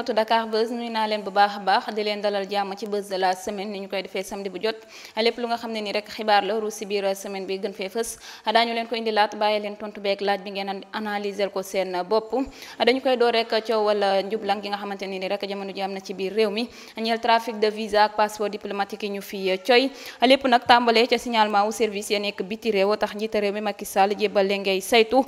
internetu Dakar Buzz nuyu naa leen bu baax a baax di leen dalal jàmm ci Buzz la semaine ni ñu koy defee samedi bu jot lépp lu nga xam ne nii rek xibaar la ruus si semaine bi gën fee fës daañu dañu koy door rek coow wala njublang gi nga xamante ni rek jamono ji am na ci biir réew mi ñeel trafic de visa ak passeport diplomatique yi ñu fi coy lépp nag tàmbalee ca signalement service ya nekk biti réew tax njiita réew mi Macky Sall jébbale ngay saytu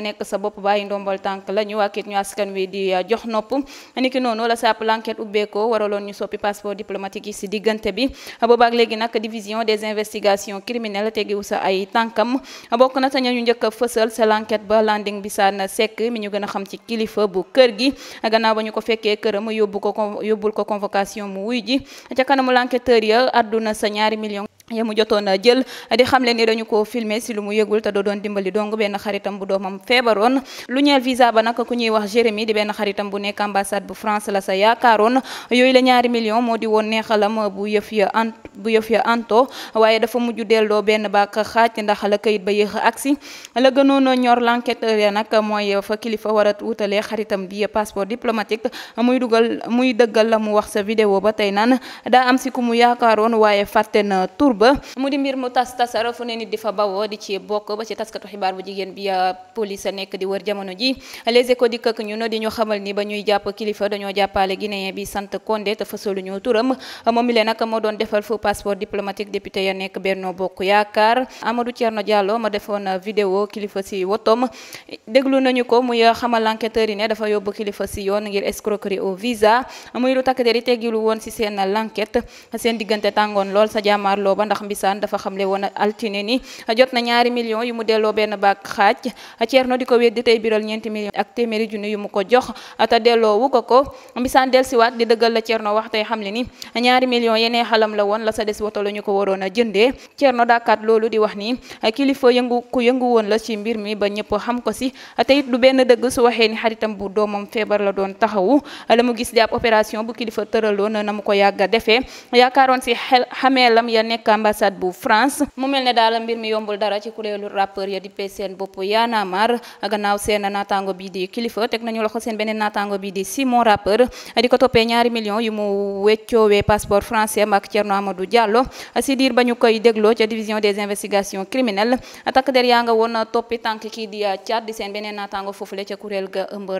nga nekk sa bopp bàyyi ndombal tànk la ñu wàkkit ñu askan wi di euh, jox nopp niki noonu la sàpp l'enquête ubbeekoo waraloon ñu soppi passeport diplomatique yi si diggante bi boobaak léegi nag division des investigations criminelles tegiwu sa ay tànkam bokk na sa ñu njëkk a fësal sa l'enquête ba landing bi saan sekk mi ñu gën a xam ci kilifa bu kër gi gannaaw ba ñu ko fekkee këram yóbbu ko yóbbul ko convocation mu wuy ji ca kanamu l'enquêteur ya àdduna sa ñaari ya mu jotoon a jël di xamle ni dañu ko filmé si lu mu yëgul te doo doon dimbali dong benn xaritam bu doomam feebaroon lu ñeel visa ba nag ku ñuy wax Jérémy di benn xaritam bu nekk ambassade bu France la sa yaakaaroon yooyu la ñaari million moo di woon neexalam bu yëf ya ant bu yëf ya anto waaye dafa mujj delloo benn baak xaaj ndax la kayit ba yéex a agsi la gënoon a ñor l'enquêteur ya nag mooy fa kilifa war a wutalee xaritam bi passeport diplomatique muy dugal la mu wax sa vidéo ba tey naan daa am si ku ba mu di mbir mu tas tasara fu ne nit di fa bawoo di ci bokk ba ci taskatu xibaar bu jigéen bi euh, police nekk di wër jamono ji les échos di këkk ñu no di ñu xamal ni ba ñuy jàpp kilifa dañoo jàppale guinéen bi sant Condé te fasalu ñu turam moom mi leen moo doon defal fu passeport diplomatique député ya nekk Benno Bokk Yaakaar Amadou Thierno Diallo ma defoon euh, vidéo kilifa si wotoom déglu nañu ko muy euh, xamal enquêteur yi ne dafa yóbbu kilifa si yoon ngir escroquerie au visa muy lu takk si seen l'enquête seen diggante tàngoon lool ndax Mbisaan dafa xamle woon altine ni jot na ñaari millions yu mu delloo benn baag xaaj Thierno di ko weddi tey biral ñeenti millions ak téeméeri junni yu mu ko jox te delloowu ko ko Mbisaan delsiwaat di dëggal la Thierno wax tey xamle ni ñaari millions yenee xalam la woon la sa des woto la ñu ko waroon a jëndee Thierno dàkkaat loolu di wax ni kilifa yëngu ku yëngu woon la ci mbir mi ba ñëpp xam ko si te it du benn dëgg su waxee ni xaritam bu doomam feebar la doon taxawu la mu gis di opération bu kilifa tëraloon na mu ko yàgg a ambassade bu France mu mel ne daal mbir mi yombul dara ci kuréelu rappeur ya di seen bopp Y'en a marre gannaaw seen naataango bi di kilifa teg nañu loxo seen beneen naataango bi di Simon rappeur di ko toppee ñaari millions yu mu weccoowee passeport français ak Thierno Amadou Diallo si diir ba ñu koy dégloo ca division des investigations criminelles takk der yaa nga woon toppi tànk kii di Thiat di seen beneen naataango foofule ca kuréel ga ëmb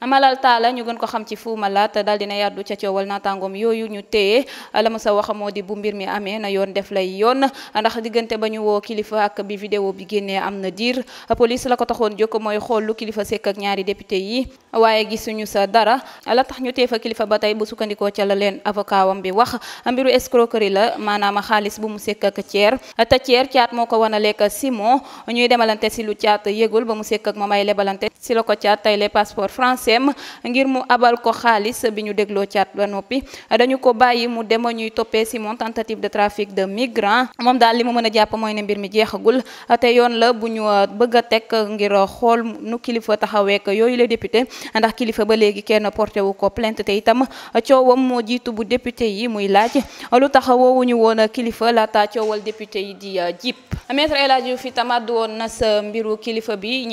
Amalal Talla ñu gën ko xam ci Fou Malade daal dina yàddu ca coowal naataangoom yooyu ñu téye la ma sa wax moo di bu mbir mi amee na yoon def lay yoon ndax diggante ba ñu woo kilifa ak bi vidéo bi génnee am na diir police la ko taxoon jóg mooy xool lu kilifa sekk ak ñaari député yi waaye gisuñu sa dara la tax ñu tee fa kilifa ba tey bu sukkandikoo ca la leen avocat wam bi wax mbiru escroquerie la maanaam xaalis bu mu sekk ak ceer te ceer caat moo ko wan a lekk Simon ñuy demalante si lu caat yëgul ba mu sekk ak moom fiancéem ngir mu abal ko xaalis bi ñu dégloo caat ba noppi dañu ko bàyyi mu dem ñuy toppee Simon tentative de trafic de migrants moom daal li mu mën a jàpp mooy ne mbir mi jeexagul te yoon la bu ñu euh, bëgg a teg ngir euh, xool nu kilifa taxaweek yooyu la député ndax kilifa ba léegi kenn porté wu ko plainte te itam coowam moo jiitu bu député yi muy laaj lu tax woowuñu woon kilifa laata coowal député yi di euh, jip maître El Hadji Diouf itam woon na sa mbiru kilifa bi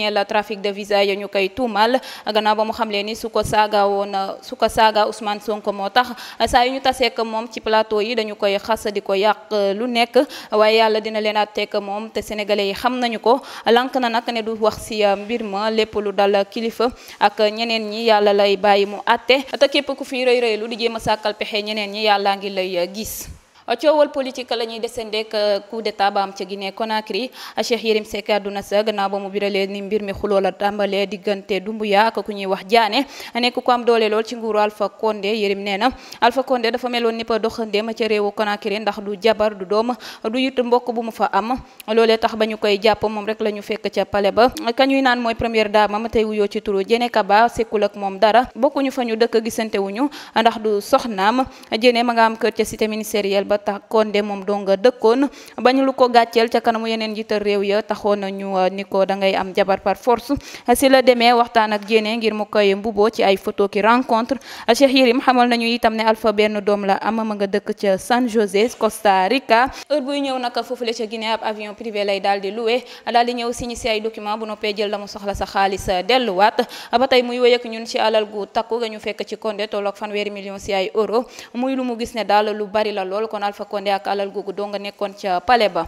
mu xam leen ni su ko saaga woon su ko saaga Ousmane sonk moo tax saa yu ñu tasee taseek moom ci plateau yi dañu koy xas di ko yàq lu nekk waaye yàlla dina leen àtteek moom te sénégalais yi xam nañu ko lank na nag ne du wax si uh, mbir ma lépp lu dal kilifa ak ñeneen ñi yàlla lay bàyyi mu àtte te képp ku fi rëy rëylu di jéem a sàkkal pexe ñeneen ñi yàlla ngi lay uh, gis a coowal politique la ñuy desendeek euh, coup d'état ba am ca Guinée Conakry Cheikh Yérim Seck àdduna sa gannaaw ba mu biralee ni mbir mi xuloo la tàmbalee diggante Dumbuya ak ku ñuy wax Diané nekk ko am doole lool ci nguuru Alpha Condé Yérim nee na Alpha Condé dafa meloon ni pa doxandeem ca réewu Conakry ndax du jabar du doom du it mbokk bu mu fa am loolee tax ba ñu koy jàpp moom rek la ñu fekk ca pale ba ka ñuy naan mooy première dame t tey wuyoo ci turu Diéné Kaba sekkul ak moom dara bokkuñu fa ñu dëkk gisante wuñu ndax du soxnaam Diéné ma nga am kër ca cité ministériel ba tàkkoon de moom dong dëkkoon bañu lu ko gàcceel ca kanamu yeneen njiital réew ya taxoon ñu uh, ni ko da ngay am jabar par force si la demee waxtaan ak jéene ngir mu koy mbuboo ci ay photo ki rencontre Cheikh Yérim xamal nañu itam ne Alpha benn doom la am ma nga dëkk ca San José Costa Rica heure buy ñëw nag foofule ca Guinée ab avion privé lay daal di loué daal di ñëw signé si ay document bu noppee jël la soxla sa xaalis uh, delluwaat ba tey muy wéy si ay euro muy lu mu gis ne daal lu bari Alpha Condé ak alal googu doo nga nekkoon ca pale ba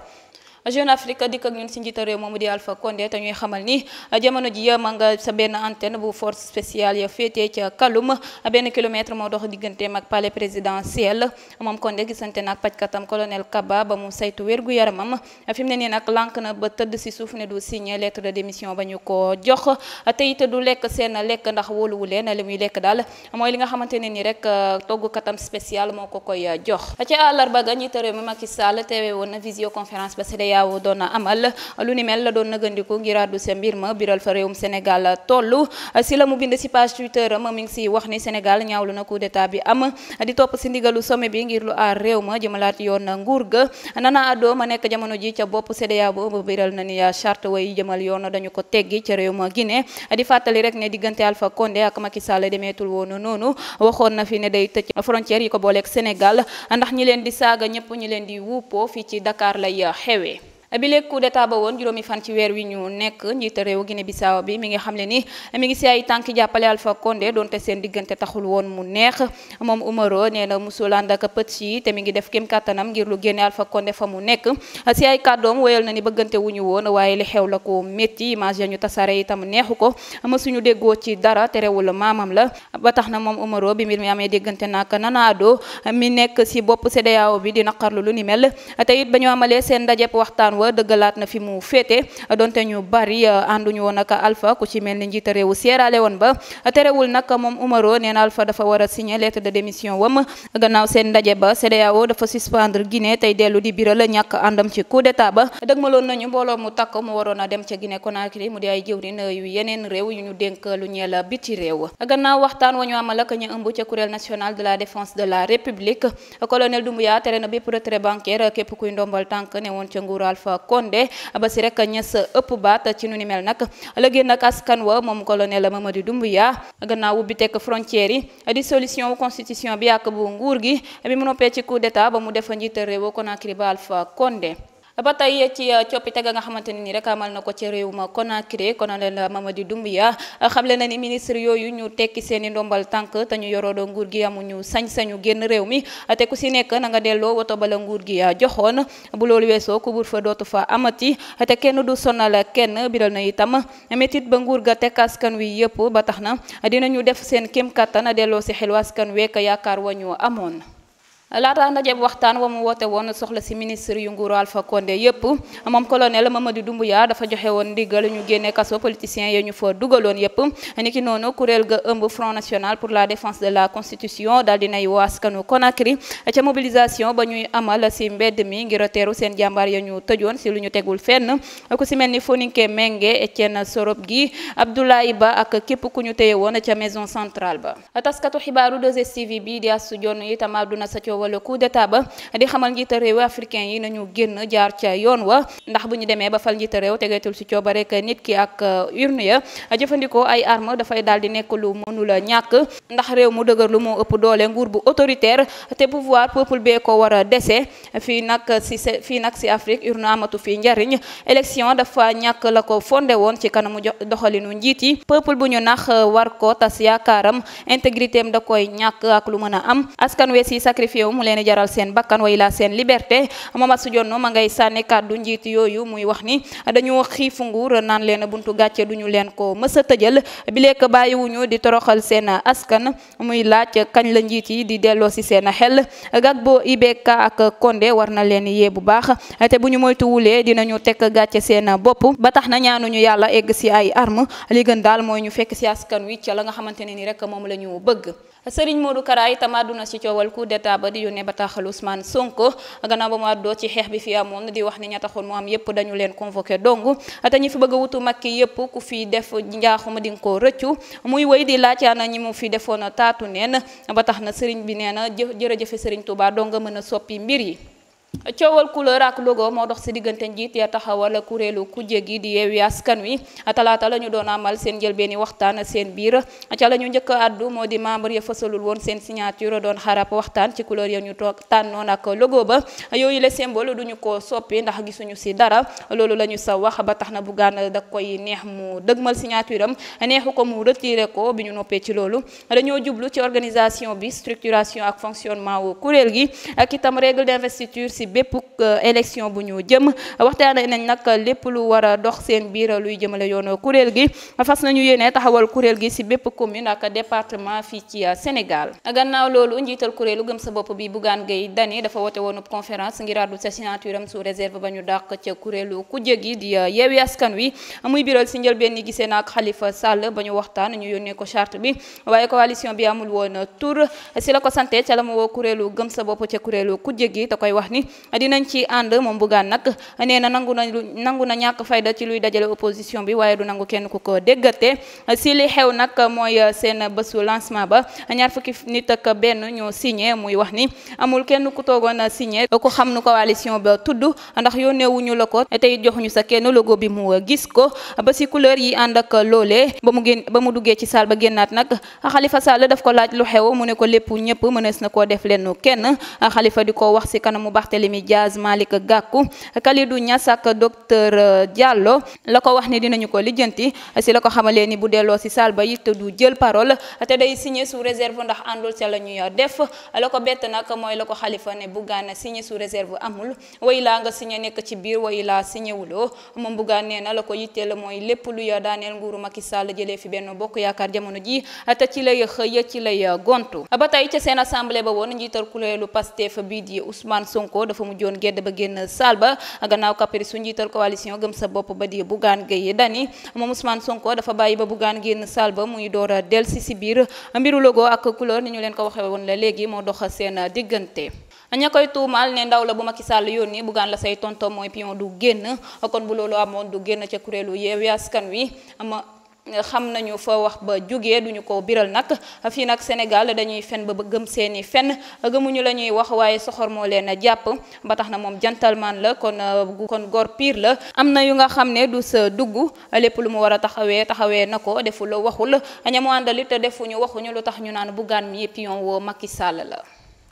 Jeune Afrique dikk ak ñun si njiital réew moomu di Alpha Condé te ñuy xamal ni jamono ji ma nga sa benn antenne bu force spéciale ya féetee ca Kaloum benn kilomètre moo dox digganteem ak palais présidentiel moom Condé gisante nag pajkatam colonel Kaba ba mu saytu wér gu yaramam fi mu ne nii nag lànk na ba tëdd si suuf ne du signé lettre de démission ba ñu ko jox te it du lekk seen lekk ndax wóoluwu leen li muy lekk daal mooy li nga xamante ne nii rek toggukatam spécial moo ko koy jox CEDEAO doon amal lu ni mel la doon nëgëndiku ngir àddu sa mbir ma biral fa réewum Sénégal toll si la mu bind si page Twitter ma mi ngi si wax ni Sénégal ñaawlu na coup d'état bi am di topp si ndigalu sommet bi ngir lu aar réew ma jëmalaat yoon nguur ga nana Addo ma nekk jamono ji ca bopp CEDEAO boobu biral na ni charte way jëmal yoon dañu ko teggi ca réew ma Guinée di fàttali rek ne diggante Alpha Condé ak Macky Sall demeetul woonu noonu waxoon na bi léegi coup d'état ba woon juróomi fan ci weer wi ñu nekk njiita réew Guinée Bissau bi mi ngi xam ni mi ngi si ay tànk jàppale Alpha Condé donte seen diggante taxul woon mu neex moom Umaro nee na musul ànd ak petit te mi ngi def kem kàttanam ngir lu génne Alpha Condé fa mu nekk si ay kàddoom woyal na ni bëggante wuñu woon waaye li xew la ko métti image ya ñu tasare itam neexu ko mësuñu déggoo ci dara te rewul maamam la ba tax na moom Umaro bi mbir mi amee diggante nak Nanado mi nekk si bopp CEDEAO bi di naqarlu lu ni mel wa dëggalaat na fi mu féete donte ñu bari eh, ànduñu woon Alpha ku ci mel ni njiita réewu Sierra Leone ba terewul nag moom Umaro nee na Alpha dafa war a signer lettre de démission wam gannaaw seen ndaje ba CEDEAO dafa suspendre Guinée tey dellu di biral ñàkk àndam ci coup d'état ba dëgmaloon nañu mbooloo mu takk mu waroon a dem ca Guinée Conakry mu di ay jëwrin yu yeneen réew yu ñu dénk lu ñeel biti réew gannaaw waxtaan wa ñu ñu la défense de la république colonel Doumbouya Condé ba si rek ña sa ëpp baat ci nu ni mel nag la génn ak askan wa moom colonel Mamadou Doumbouya gannaaw bi tekk frontière yi dissolution constitution bi ak bu nguur gi bi mu noppee ci coup d'état ba mu def njiital réew Conakry ba Alpha Condé ba tey ci uh, coppite ga nga xamante ne ni rek amal na ko ci réew ma Conakry colonel Mamadi Doumbouya uh, xamle na ni ministre yooyu ñu tekki seeni i ndombal tànk te ñu yoroodoo nguur gi amu amuñu sañ-sañu génn réew mi uh, te ku si nekk na nga delloo woto bala nguur gi joxoon bu loolu weesoo couvre fa dootu fa amati te kenn du sonal kenn biral na itam métit ba nguur ga tekk askan wi yëpp ba tax na dinañu def seen kéem kattan delloo si xel askan week yaakaar wa ñu amoon. laata ndaje bu waxtaan wa mu woote woon soxla si ministre yu nguuru Alpha Condé yëpp moom colonel Mamadou Doumbouya dafa joxe woon ndigal ñu génne kaso politiciens yi ñu fa dugaloon yëpp niki noonu ga ëmb Front National pour la défense de la Constitution daal dinay woo askanu Conakry ca mobilisation ba ñuy amal si mbedd mi ngir teeru seen jàmbaar ya ñu tëjoon si lu ñu tegul fenn ku si mel ni Foninké Mengue Etienne Sorop gi Abdoulaye Ba ak képp ku ñu téye woon ca maison centrale ba taskatu wala coup d'état ba di xamal njiita réew africain yi nañu génn jaar ca yoon wa ndax bu ñu demee ba fal njiita réew tegeetul si cooba rek nit ki ak euh, urne ya jëfandikoo ay arme dafay daal di nekk lu mënula ñàkk ndax réew mu dëgër lu moo ëpp doole nguur bu autoritaire te pouvoir peuple bee ko war a dese fii nag si fii nag si Afrique urne amatu fi njariñ élection dafa ñàkk la ko fonde woon ci kanamu doxalinu njiit yi peuple bu ñu nax euh, war ko tas yaakaaram intégrité am réew mu leen di jaral seen bakkan way la seen liberté Mamadou Dione ma ngay sànni kàddu njiit yooyu muy wax ni dañu xiifu nguur naan leen buntu gàcce duñu leen ko mës a tëjal bi lekk bàyyiwuñu di toroxal seen askan muy laaj kañ la njiit yi di delloo si seen xel boo IBK ak Condé war na leen yee bu baax te bu ñu moytuwulee ñu teg gàcce seen bopp ba tax na ñaanuñu yàlla egg si ay arme li gën daal fekk si askan wi la nga xamante ne ni moom la ñu bëgg Serigne Modou Kara itam àdduna si coowal coup d'état ba di yónnee bataaxal Ousmane Sonko gannaaw ba mu àddoo ci xeex bi fi amoon di wax ni ña taxoon mu am yëpp dañu leen convoqué dong te ñi fi bëgg wutu wutu Macky yëpp ku fi def njaaxuma di nga koo rëccu muy wéy di laaj ana ñi mu fi defoon a taatu neen ba tax na Serigne bi nee na jërëjëfe Serigne Touba dong nga mën a soppi mbir yi. coowal couleur ak logo moo dox ci diggante njiit ya taxawal kuréelu kujje gi di yeewi askan wi talaata la ñu doon amal seen njëlbeeni waxtaan seen biir ca la ñu njëkk addu moo di membre ya fësalul woon seen signature doon xarab waxtaan ci couleur ya ñu toog tànnoon ak logo ba yooyu la symbole duñu ko soppi ndax gisuñu ci dara loolu la ñu sa wax ba tax na Bougane da koy neex mu dëgmal signature am neexu ko mu retiré ko bi ñu noppee ci loolu dañoo jublu ci organisation bi structuration ak fonctionnement wu gi si bépp euh, élection bu ñu jëm waxtaanee nañ nag lépp lu war a dox seen biir luy jëmale yoon kuréel gi fas nañu yéene taxawal kuréel gi si bépp commune ak département fii ci euh, Sénégal gannaaw loolu njiital kuréelu gëm sa bopp bi Bougane Gueye Dany dafa woote woonub conférence ngir àddu sa signature am sous réserve ba ñu dàq ca kuréelu kujje gi di euh, yeewi askan wi muy biral si njëlbeen ni gisee naak xalifa Sall ba ñu waxtaan ñu yónnee ko charte bi waaye coalition bi amul woon tur si la ko sante ca la mu kuréelu gëm sa bopp ca kuréelu kujje gi da koy wax ni dinañ ci ànd moom Bougane nag nee na nangu na lu nangu na ñàkk fayda ci luy dajale opposition bi waaye du nangu kenn ku ko déggate si li xew nag mooy seen bésu lancement ba ñaar fukki nit ak benn ñoo signé muy wax ni amul kenn ku toogoon signé ku xam nu coalition ba tudd ndax yónneewuñu la ko tey joxuñu sa kenn logo bi mu gis ko ba si couleur yi ànd ak loole ba mu génn ba mu duggee ci salle ba génnaat nag Khalifa Sall daf ko laaj lu xew mu ne ko lépp ñëpp mënees koo def lenn Barthélemy Diaz Malick Gakou Kalidou Niass ak docteur euh, Diallo la ko wax ni dinañu ko lijjanti si la ko xamalee ni bu delloo si salle ba it du jël parole te day signé sous réserve ndax àndul ca la ñuy def la ko bett nag mooy la ko xalifa ne Bougane signé sous réserve amul way laa nga signé nekk ci biir way laa signé wuloo moom Bougane nee na la ko yitteel mooy lépp lu ya daaneel nguuru Macky Sall jëlee fi benn bokk yaakaar jamono jii te ci lay xëy ci lay gontu ba tey dafa mujjoon gedd ba génn saal ba gannaaw caprice su njiital coalition gëm sa bopp ba di Bougane Gueye Dany moom Ousmane Sonko dafa bàyyi ba Bougane génn saal ba muy door a delsi si biir mbiru logo ak couleur ni ñu leen ko waxee la léegi moo dox seen diggante. ña koy tuumaal ne ndaw la bu Macky Sall yónni Bougane la say tontom mooy pion du génn kon bu loolu amoon du génn ca kuréelu Yewwi Askan Wi ama xam nañu fa wax ba jógee duñu ko biral nag fii nag Sénégal dañuy fen ba gëm seeni fen gëmuñu la ñuy wax waaye soxor moo leen jàpp ba tax na moom gentleman la kon euh, kon góor piir la am na yu nga xam ne du sa dugg lépp lu mu war a taxawee taxawee na ko deful waxul ñamu àndal defu ñu waxuñu lu tax ñu naan Bougane mi pion woo Macky Sall la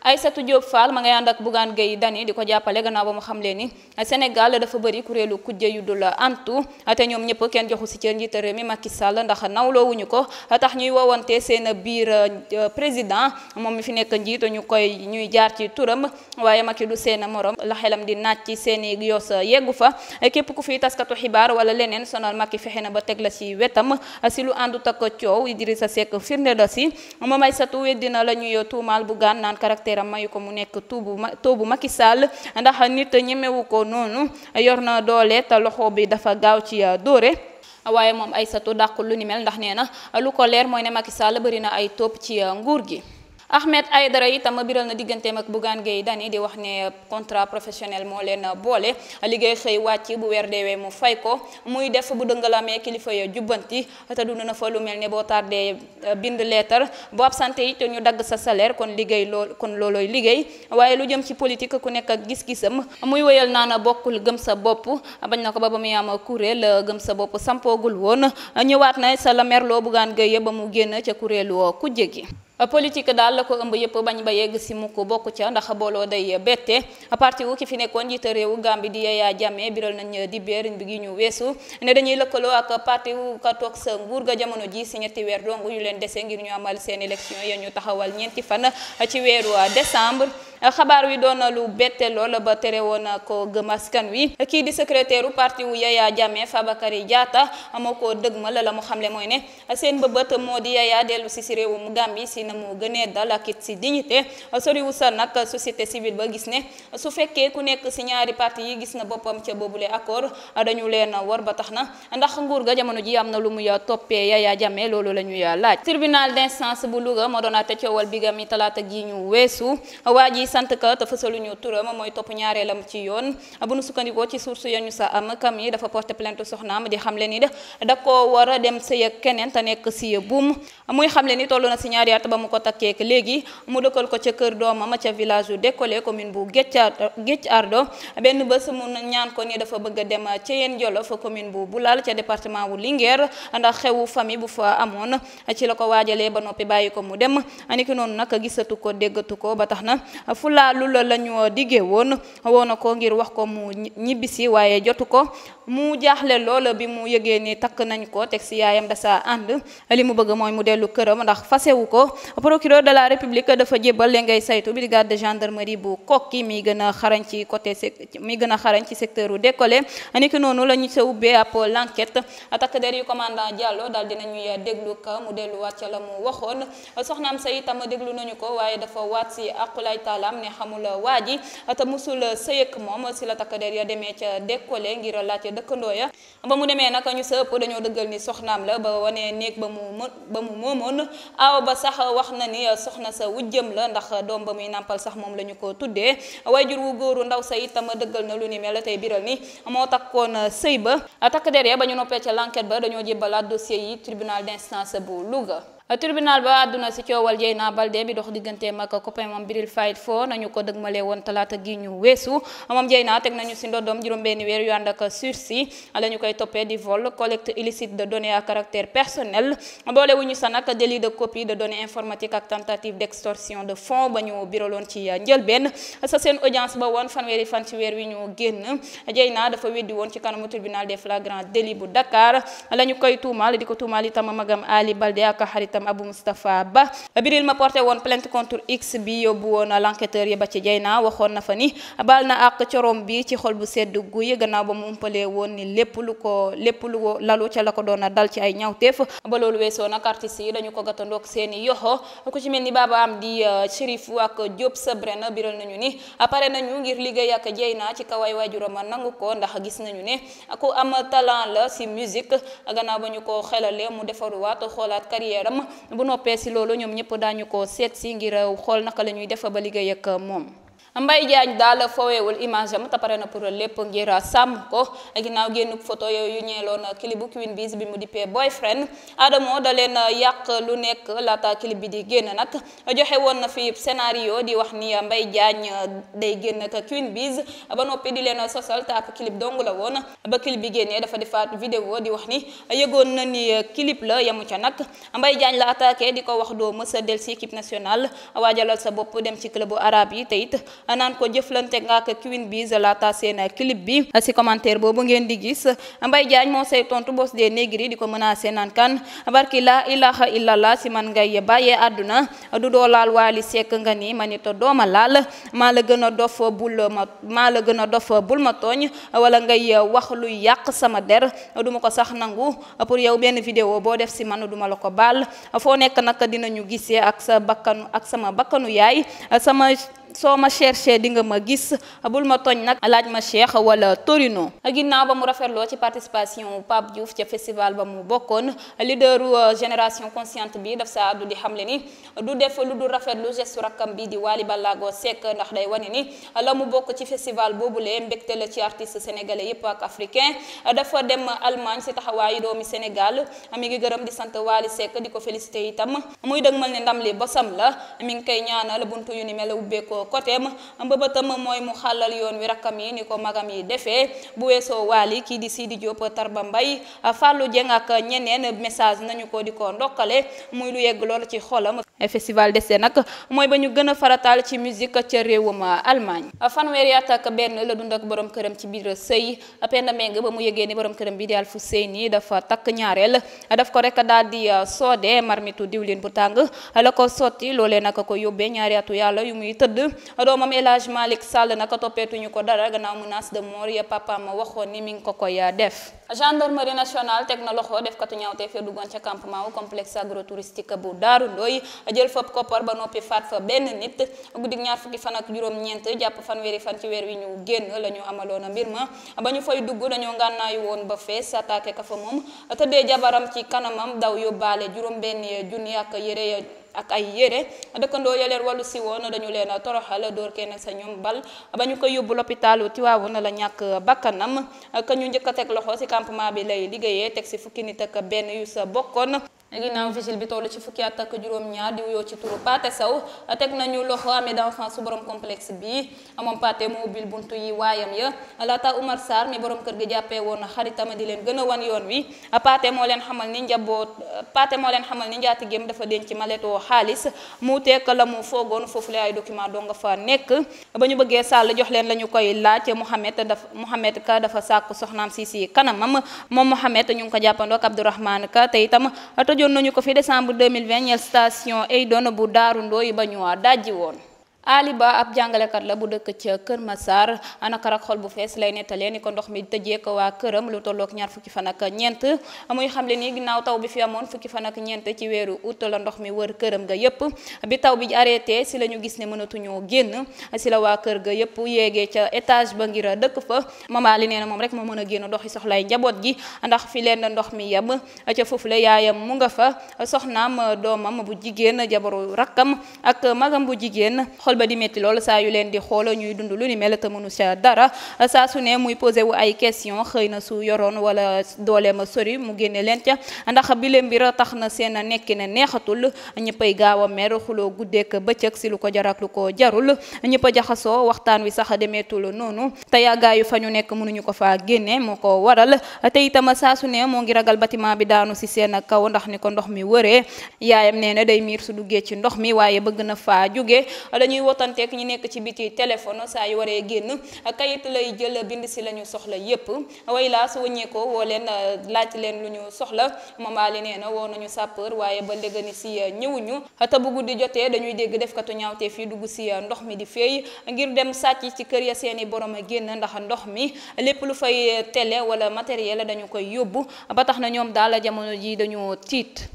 Aïssatou Diop Fall ma ngay ànd ak Bougane Gueye Dany di ko jàppale gannaaw ba mu xamle ni Sénégal dafa bari kuréelu kujje yu dul antu te ñoom ñëpp kenn joxu si ci njiitu réew mi Macky Sall ndax nawloowuñu ko tax ñuy woowante seen biir euh, président moom mi fi nekk njiit ñu koy ñuy jaar ci turam waaye Macky du seen morom la xelam di naaj ci seen i yos yeggu fa képp ku fi taskatu xibaar wala leneen sonal Macky fexe na ba teg la si wetam si lu àndut ak coow Idrissa Seck firnde da si moom Aïssatou weddina la ñuy tuumaal Bougane naan caractère caractère mayu ko mu nekk tuubu toobu Macky Sall ndax nit ñemewu ko noonu yor na doole te loxo bi dafa gaaw ci euh, dóore waaye moom ay Aïssatou dàqul lu ni mel ndax nee na lu ko leer mooy ne Macky Sall bëri na ay topp ci euh, nguur gi Ahmed Aïdara itam a biral na digganteem ak Bougane Gueye Dany di wax ne contrat professionnel moo leen boole liggéey xëy wàcc bu weer deewee mu fay ko muy def bu dëngalamee kilifa ya jubbanti te dund na fa lu mel ne boo tardé euh, bind leetar boo absenté yi te ñu dagg sa salaire kon liggéey lool kon loolooy liggéey waaye lu jëm ci politique ku nekk ak gis-gisam muy wéyal naa na bokkul gëm sa bopp bañ na ko ba ba muy am kuréel euh, gëm sa bopp sampoogul woon ñëwaat na sa la merloo Bougane Gueye ba mu génn ca kuréelu kujje gi politique daal la ko ëmb yëpp bañ ba yegg si mukk bokk ca ndax booloo day bette parti wu ki fi nekkoon njiitu réewu Gambie di Yaya Jammeh biral nañ di beerin bi gi ñu weesu ne dañuy lëkkaloo ak parti ka toog sa nguur ga jamono ji si ñetti weer dong ñu leen dese ngir ñu amal seen élection ya ñu taxawal ñeenti fan ci weeru décembre xabaar wi doon na lu bette lool ba tere woon na ko gëm askan wi kii di secrétaire u parti wu Yaya Jammeh Fabakary Diatta moo ko dëgmal la mu xamle mooy ne seen mbëbët moo di Yaya dellu si si réewum Gambie si na mu gënee dal ak it si dignité soriwu sa nag société civile ba gis ne su fekkee ku nekk si ñaari partie yi gis na boppam ca boobule accord dañu leen war ba tax na ndax nguur ga jamono ji am na lu muy toppee Yaya Jammeh loolu la ñuy laaj tribunal d'instance bu Louga moo doon atte coowal bigamie talaata gi ñu weesu waa ji sant ka te fësaluñu turam mooy topp ñaareelam ci yoon bu nu sukkandikoo ci source ya ñu sa am kam yi dafa porté plainte soxnaam di xamle ni da ko war a dem sëy ak keneen te nekk si buum muy xamle ni toll na si ñaari at ba mu ko takkee léegi mu dëkkal ko ca kër doomam ca village yu Décolé commune bu Géej Ardo benn bés mu ñaan ko ni dafa bëgg a dem ca yeen Jolof commune bu Boulal ca département wu Linguère ndax xewu famille bu fa amoon ci la ko waajalee ba noppi bàyyi ko mu dem niki noonu gisatu ko déggatu ko ba tax na fulaalu la la ñu diggee woon woon ko ngir wax ko mu ñibbisi waaye jotu ko mu jaaxle loola bi mu yëgee ni takk nañ ko teg si yaayam dasa ànd li mu bëgg mooy mu dellu këram ndax fasewu ko procureur de la république dafa jébbal li ngay saytu brigade de gendarmerie bu kokki mi gën a xarañ ci côté mi gën a xarañ ci secteur u décollé niki noonu la ñu sa ubbee ab l'enquête takk der yu commandant jàlloo daal dinañuy déglu ka mu delluwaat ca la mu waxoon déglu ko waaye dafa waat am ne xamul uh, waa ji uh, te musul uh, sëyëg moom si la takk der ya demee ca décollé ngir laajte dëkkandoo ya ba mu demee naka ñu sa ëpp dañoo dëggal ni soxnaam la ba wane néeg ba mu ba mu moomoon aw ba sax wax na ni soxna sa wujjëm la ndax doom ba muy nàmpal sax moom la ñu ko tuddee jur wu góoru ndaw sa itam dëggal na lu ni mel tey biral ni moo takkoon sëy ba takk der ya ba ñu noppee ca l'enquête ba dañoo jébbalaat dossier yi tribunal d'instance bu Louga tribunal ba àdduna si coowal Dieyna Baldé bi dox digganteem ak copain moom Bril Fight Fo nañu ko dëgmale woon talaata gi ñu weesu moom Dieyna teg nañu si ndoddoom juróom-benni weer yu ànd ak sursis koy toppee di vol collecte illicite de données à caractère personnel boole wu ñu sa nag délit de copie de données informatiques ak tentative d'extorsion de fonds ba ñu biraloon ci njëlbeen sa seen audience ba woon fanweeri fan ci weer wi ñu génn Dieyna itam Abou Ba Biril ma porté woon plainte contre X bi yóbbu woon l'enquêteur yi ba ci Dieyna waxoon na fa ni baal na ak corom bi ci xol bu sedd guy gannaaw ba mu umpalee woon ni lépp lu ko lépp lu ko lalu ca la ko doon dal ci ay ñawteef ba loolu weesoo nag artistes yi ko gàttandoog seen i yoxo ku ci mel ni Baba am di euh, Chérif ak Diop a biral nañu ni pare nañu ngir liggéey ak Dieyna ci kaw ay a nangu ko ndax gis nañu ne bu noppee si loolu ñoom ñëpp daañu ko seet si ngir euh, xool naka la ñuy def ba liggéey ak euh, moom Mbaye Diagne daal fooweewul image am te pare na pour lépp ngir sàmm ko ginnaaw génn photo yooyu ñeeloon clip bu Queen Biz bi mu dippee boyfriend Adamo da leen yàq lu nekk laata clip bi di génn nag joxe woon na fi scénario di wax ni Mbaye Diagne day génn ak Queen ba noppi di leen sosal te ab clip dong la woon ba clip bi génnee dafa defaat vidéo di wax ni yëgoon na ni clip la yemu ca nag Mbaye Diagne la attaqué di ko wax doo mësa del si équipe nationale waajalal sa bopp dem ci club bu arabe yi teyit naan ko jëflante nga ak Queen Biz laata seen clip bi si commentaire boobu ngeen di gis Mbaye Diagne moo say tontu boss des négri di ko menacé naan kan barki la ilaha illallah si man ngay bàyyee àdduna du doo laal waali sekk nga ni ma nit dooma laal maa la gën a dof bul ma maa la gën a dof bul ma tooñ wala ngay wax luy yàq sama der du ma ko sax nangu pour yow benn vidéo boo def si man duma la ko baal foo nekk nag ñu gisee ak sa bakkanu ak sama bakkanu yaay sama soo ma cherché di nga ma gis abul ma tooñ nag laaj ma Cheikh wala Torino ginnaaw ba mu rafetloo ci participation Pape Diouf ca festival ba mu bokkoon leaderu euh, génération consciente bi daf sa àddu di xamle ni du def du rafetlu gestu rakkam bi di Wally Ballago Seck ndax day wane ni la mu bokk ci festival boobulee mbégte la ci artiste sénégalais yépp ak africain dafa dem Allemagne si taxawaayu doomi Sénégal mi ngi gërëm di sant Wally Seck di ko félicité itam muy dëgmal ne ndam li bosam la mi ngi koy ñaanal buntu yu ni mel ubbeekoo côté mbëbëtam mooy mu xàllal yoon wi rakkam yi ni ko magam yi defee bu weesoo waali kii di Sidi Diop Tarba Mbaye Fallou Dieng ak ñeneen message ko di ko ndokkale muy lu yegg lool ci xolam. festival d'essai nag mooy ba ñu gën a farataal ci musique ca réewum Allemagne fanweeri at ak benn la dund ak borom këram ci biir sëy Penda Meng ba mu yëgee ni borom këram bi di Alfousseyni dafa takk ñaareel daf ko rek daal di uh, soodee marmitu diwlin bu tàng la ko sotti loolee nag ko yóbbee ñaari atu yàlla yu muy tëdd doomam El Hadj Malick Sall naka toppeetuñu ko dara gannaaw menace de mort ya papaam ma waxoon ni mi ngi ko koy ah, def gendarmerie nationale teg na loxo def katu ñaawteef ya duggoon ca campement wu complexe agrotouristique bu Daaru Ndooy jël fab koppar ba noppi faat fa benn nit guddik ñaar fukki fan ak juróom-ñeent jàpp fan fanweeri fan ci weer wi ñu génn la ñu amaloon a mbir ma ba ñu fay dugg dañoo ngànnaayu woon ba fee attaqué ka fa moom a tëddee jabaram ci kanamam daw yóbbaale juróom benn junni ak yére ak ay yére dëkkandoo ya leen wàllu si woon dañu leen toroxal dóor kenn sa ñoom bal ba ñu ko yóbbu loppitaalu l'hôpital na la ñàkk bakkanam ka ñu njëkk a teg loxo si campement bi lay liggéeyee teg si fukki nit ak benn yu sa bokkoon ginnaaw vigile bi toll ci fukki at ak juróom-ñaar di wuyoo ci turu Pathé Sow teg nañu loxo amee d'enfance su borom complexe bi moom Pathé moo ubbil buntu yi waayam ya laata Umar Sarr mi borom kër gi jàppee woon a di leen gën a wan yoon wi Pathé moo leen xamal ni njaboot Pathé moo leen xamal ni njaatigéem dafa denc maletoo xaalis mu teek la mu foogoon foofu la ay document doo nga fa nekk ba ñu bëggee sàll jox leen la ñu koy laaj Mouhamed dafa Mouhamed ka dafa sàkk soxnaam si si kanamam moom Mouhamed ñu ngi ko jàppandoo ak Abdourahmane ka te laajoon nañu ko fii fi décembre 2020 ñeel station Eydon bu Daaru Ndooy ba ñu dajji woon aliba ab jàngalekat la bu dëkk ca Kër Massar anakar ak xol bu fees lay nettalee ni ko ndox mi tëjee ko waa këram lu tollook ñaar fukki fan ak ñeent muy xamle ni ginnaaw taw bi fi amoon fukki fan ak ñeent ci weeru août la ndox mi wër këram ga yépp bi taw bi arrêté si la ñu gis ne mënatuñoo génn si la waa kër ga yépp yéegee ca étage ba ngir dëkk fa mama li nee na moom rek moo mën a génn doxi soxlaay njaboot gi ndax fi leen ndox mi yem ca foofu la yaayam mu nga fa soxnaam doomam bu jigéen jabaru rakkam ak magam bu jigéen xol ba di métti lool saa yu leen di xoolo ñuy dund lu ni mel te mënu sa dara saa su ne muy posé wu ay question xëy na su yoroon wala dooleema sori mu génne leen ca ndax bi leen mbir tax na seen nekki ne neexatul ñëppay gaaw a mer xuloo guddeek bëccëg si lu ko jar ak lu ko jarul ñëpp a jaxasoo waxtaan wi sax demeetul noonu te yàggaayu fa ñu nekk mënuñu ko faa génne moo ko waral te a saa su ne moo ngi ragal bâtiment bi daanu si seen kaw ndax ndox mi wëree yaayam ci ndox mi dañuy wotanteeg ñi nekk ci biti téléphone saa yu waree génn kayit lay jël bind si la ñu soxla yépp way laa su wëññeekoo woo leen laaj leen lu ñu soxla mamaali nee na woo nañu sapeur waaye ba léegi si ñëwuñu te bu guddi jotee dañuy dégg defkatu ñaawteef fii dugg si ndox mi di feey ngir dem sàcc ci kër ya seeni borom a génn ndax ndox mi lépp lu fay tele wala matériel dañu koy yóbbu ba tax na ñoom daal jamono ji dañu tiit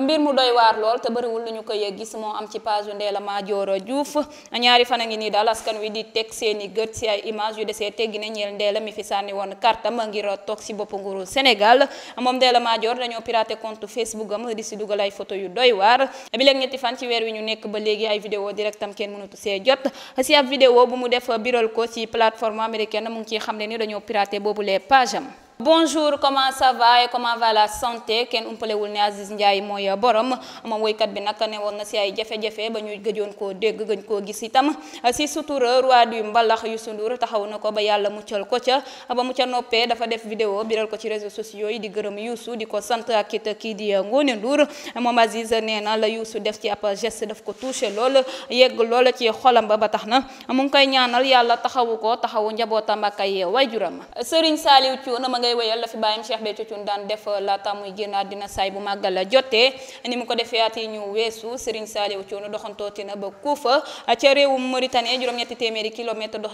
mbir mu doy waar lool te bëriwul lu ñu ko koy gis moo am ci page yu Ndella Madior Diouf ñaari fan a ngi nii daal askan wi di teg seen i gët si ay image yu desee teggi ne ñeel Ndella mi fi sànni woon kartam a ngir toog si bopp nguuru Sénégal moom Ndella Madior dañoo piraté compte Facebook am di si dugal ay photo yu doy waar bi léegi ñetti fan ci weer wi ñu nekk ba léegi ay vidéo directam kenn mënatu see jot si ab vidéo bu mu def biral ko ci plateforme américaine mu ngi ciy xam ne ni dañoo piraté boobu les page am bonjour comment ça va et comment va la santé kenn umpalewul ne Aziz Ndiaye mooy borom moom woykat bi nag ne woon na si ay jafe-jafe ba ñu gëjoon koo dégg gañ koo gis itam si sutura roi du mbalax Youssou Ndour taxaw na ko ba yàlla muccal ko ca ba mu ca noppee dafa def vidéo biral ko ci réseaux sociaux yi di gërëm Youssou di ko sant ak it kii di ngoone Ndour moom Aziz nee na la Youssou def ci ab geste daf ko touché lool yegg lool ci xolam ba ba tax na mu ngi koy ñaanal yàlla taxawu ko taxawu njabootam ak ay waajuram Serigne ngay wéyal la fi bàyyam Cheikh Béthio Thioune daan def euh, laata muy génn àddina saay bu màggal la jotee ni mu ko defee at yi ñu weesu Serigne Saliou Thioune doxantooti na ba Koufa euh, ca réewum Mauritanie juróom-ñetti téeméeri kilomètre euh,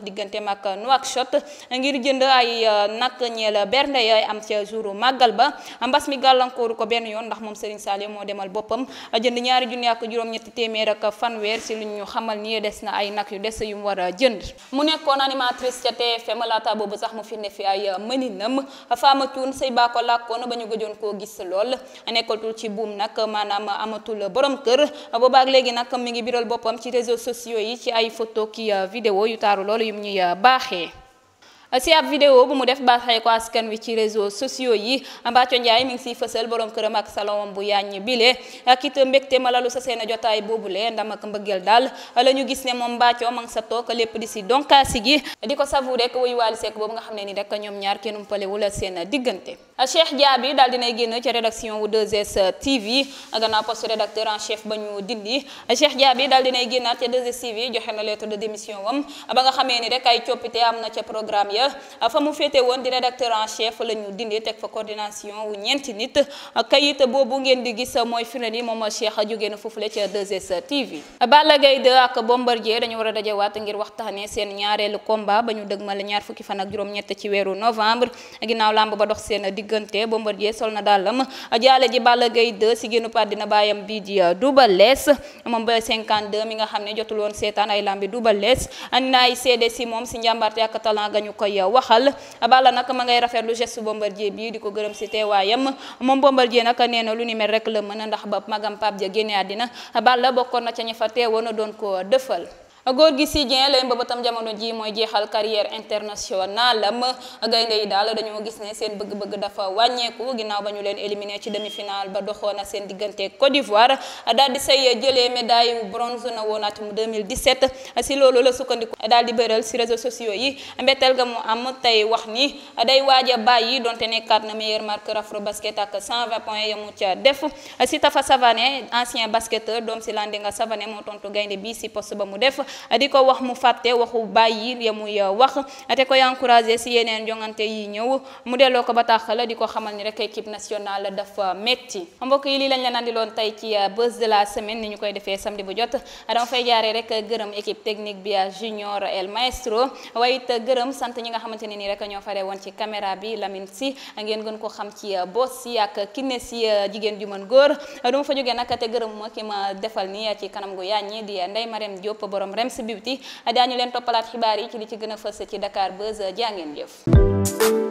ba mbas mi gàllankooru ko benn yoon ndax moom Serigne Saliou moo demal boppam jënd ñaari junni ak juróom-ñetti téeméer ak fanweer si lu ñu xamal ni des na ay nag yu des yu mu war a jënd mu nekkoon animatrice ca TFM laata boobu sax mu fi fi ay mëninam faamatul sëy baa ko na ba ñu gëjoon koo gis lool nekkatul ci buum nag maanaam amatul borom kër boobaak léegi nag mi ngi biral boppam ci réseaux sociaux yi ci ay photo ki euh, vidéo yu taaru lool loolu mu ñuy euh, baaxee si ab vidéo bu mu def baaxee ko askan wi ci réseaux sociaux yi Mbathio Ndiaye mi ngi siy fësal borom këram ak salon bu yaañ bile ak it mbégte malalu sa seen jotaay boobule ndam ak mbëggeel daal la ñu gis ne moom Mbathio ma ngi sa toog lépp di si donkaasi gi di ko savouré rek wuyu Wally boobu nga xam ne ni rek ñoom ñaar kenn umpale wula seen diggante. Cheikh Diaby daal dinay s TV gannaaw poste rédacteur en dinay génnaat ci 2 joxe na lettre de démission wam ba nga xamee ni Ah, fa mu féete woon di rédacteur en chef la ñu dindee teg fa coordination wu ñeenti nit kayit boobu ngeen di gis mooy firnde ni moom Cheikh jógee na foofule ca 2STV. Balla Gaye 2 ak Bombardier dañu war a dajewaat ngir waxtaanee seen ñaareelu combat ba ñu dëgmal ñaar fukki fan ak juróom-ñett ci weeru novembre ginnaaw làmb ba dox seen diggante Bombardier sol na dàllam jaale ji Balla Gaye 2 si génn paat dina bàyyam bii di Double Less nga xam ne jotul woon seetaan ay làmbi Double Less koy waxal Balla nag ma ngay rafetlu geste Bombardier bi di ko gërëm si teewaayam moom Bombardier nag nee na lu ni mel rek la mën a ndax ba magam Pape Dia génne àddina Balla bokkoon na ca ña fa teewoon doon ko dëfal góor gi si Dieng lay mbëbëtam jamono ji mooy jeexal carrière internationale am gaynde yi daal dañoo gis ne seen bëgg-bëgg dafa wàññeeku ginnaaw ba ñu leen éliminé ci demi-finale ba doxoon a seen diggante Côte d'Ivoire a di say jëlee médaille bronze na woon atum 2017 si loolu la sukkandiku daal di bëral si réseaux sociaux yi mbetteel ga mu am tey wax ni day waaj a bàyyi donte nekkaat na meilleur marqueur afro basket ak 120 points yamu ca def si Tafa Savané ancien basketteur doom si Landinga si poste ba mu def. di ko wax mu fàtte waxu bàyyi ya muy uh, wax te koy encouragé si yeneen jongante yi ñëw mu delloo ko bataaxal di ko xamal ni rek équipe nationale dafa metti mbokk yi lii lañ leen andiloon tey ci uh, buzz de la semaine ni ñu koy defee samedi bu jot dama fay jaaree rek gërëm équipe technique bi uh, junior el maestro waaye gërëm sant ñi nga xamante ni nii rek ñoo fare woon ci caméra bi Lamine si ngeen gën ko xam ci boss si ak kinne si jigéen ju mën ma fa jógee nag te gërëm ma ki ma defal ni Rems Beauty daañu leen toppalaat xibaar yi ci li ci gën a fës ci Dakar Buzz jaa ngeen jëf